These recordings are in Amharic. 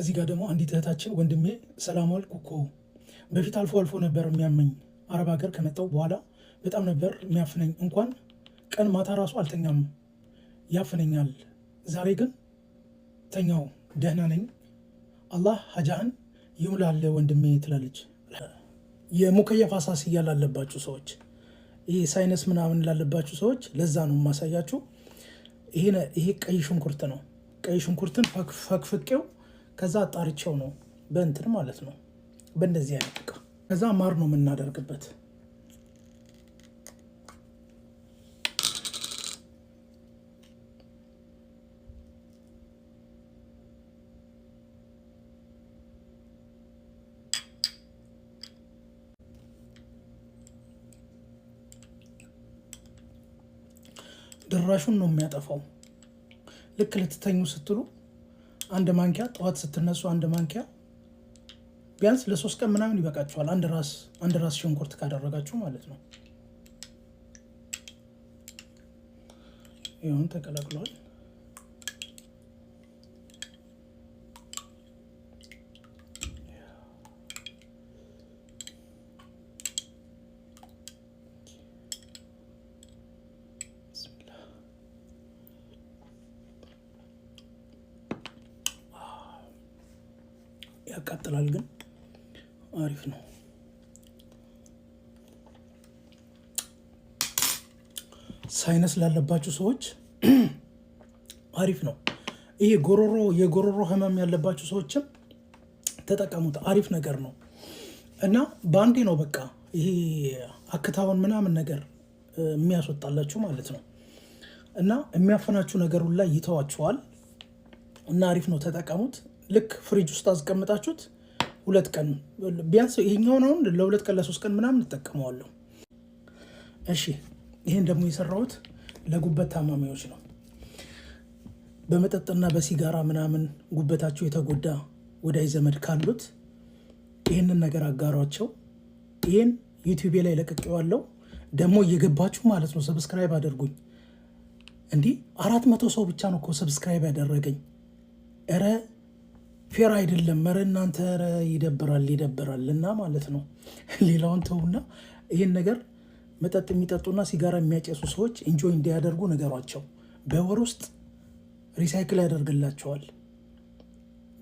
እዚህ ጋር ደግሞ አንዲት እህታችን ወንድሜ ሰላም ዋልክ እኮ በፊት አልፎ አልፎ ነበር የሚያመኝ። አረብ ሀገር ከመጣው በኋላ በጣም ነበር የሚያፍነኝ። እንኳን ቀን ማታ ራሱ አልተኛም ያፍነኛል። ዛሬ ግን ተኛው፣ ደህና ነኝ። አላህ ሀጃህን ይሙላል ወንድሜ ትላለች። የሙከየፍ አሳስያ ላለባችሁ ሰዎች፣ ይህ ሳይነስ ምናምን ላለባችሁ ሰዎች ለዛ ነው የማሳያችሁ። ይሄ ቀይ ሽንኩርት ነው። ቀይ ሽንኩርትን ፈክፍቄው ከዛ አጣርቼው ነው በእንትን ማለት ነው በእንደዚህ አይነት እቃ። ከዛ ማር ነው የምናደርግበት። ድራሹን ነው የሚያጠፋው። ልክ ልትተኙ ስትሉ አንድ ማንኪያ ጠዋት ስትነሱ አንድ ማንኪያ ቢያንስ ለሶስት ቀን ምናምን ይበቃችኋል። አንድ ራስ አንድ ራስ ሽንኩርት ካደረጋችሁ ማለት ነው። ይሁን ተቀላቅለዋል። ያቃጥላል፣ ግን አሪፍ ነው። ሳይነስ ላለባችሁ ሰዎች አሪፍ ነው። ይሄ ጎሮሮ የጎሮሮ ህመም ያለባችሁ ሰዎችም ተጠቀሙት። አሪፍ ነገር ነው እና በአንዴ ነው በቃ ይሄ አክታውን ምናምን ነገር የሚያስወጣላችሁ ማለት ነው እና የሚያፈናችሁ ነገር ሁላ ይተዋችኋል እና አሪፍ ነው፣ ተጠቀሙት። ልክ ፍሪጅ ውስጥ አስቀምጣችሁት ሁለት ቀን ቢያንስ ይሄኛውን አሁን ለሁለት ቀን ለሶስት ቀን ምናምን እንጠቀመዋለሁ። እሺ ይህን ደግሞ የሰራሁት ለጉበት ታማሚዎች ነው። በመጠጥና በሲጋራ ምናምን ጉበታቸው የተጎዳ ወዳጅ ዘመድ ካሉት ይህንን ነገር አጋሯቸው። ይህን ዩቲዩቤ ላይ ለቅቄዋለሁ። ደግሞ እየገባችሁ ማለት ነው ሰብስክራይብ አድርጉኝ። እንዲህ አራት መቶ ሰው ብቻ ነው እኮ ሰብስክራይብ ያደረገኝ ረ ፌር አይደለም። መረ እናንተ ይደብራል ይደብራል። እና ማለት ነው ሌላውን ተውና ይህን ነገር መጠጥ የሚጠጡና ሲጋራ የሚያጨሱ ሰዎች ኢንጆይ እንዲያደርጉ ነገሯቸው። በወር ውስጥ ሪሳይክል ያደርግላቸዋል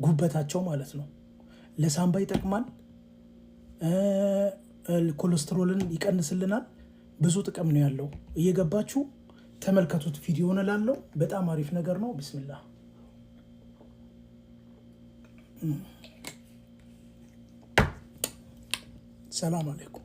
ጉበታቸው ማለት ነው። ለሳምባ ይጠቅማል፣ ኮሌስትሮልን ይቀንስልናል። ብዙ ጥቅም ነው ያለው። እየገባችሁ ተመልከቱት ቪዲዮ እላለሁ። በጣም አሪፍ ነገር ነው። ቢስሚላህ ሰላም አለይኩም።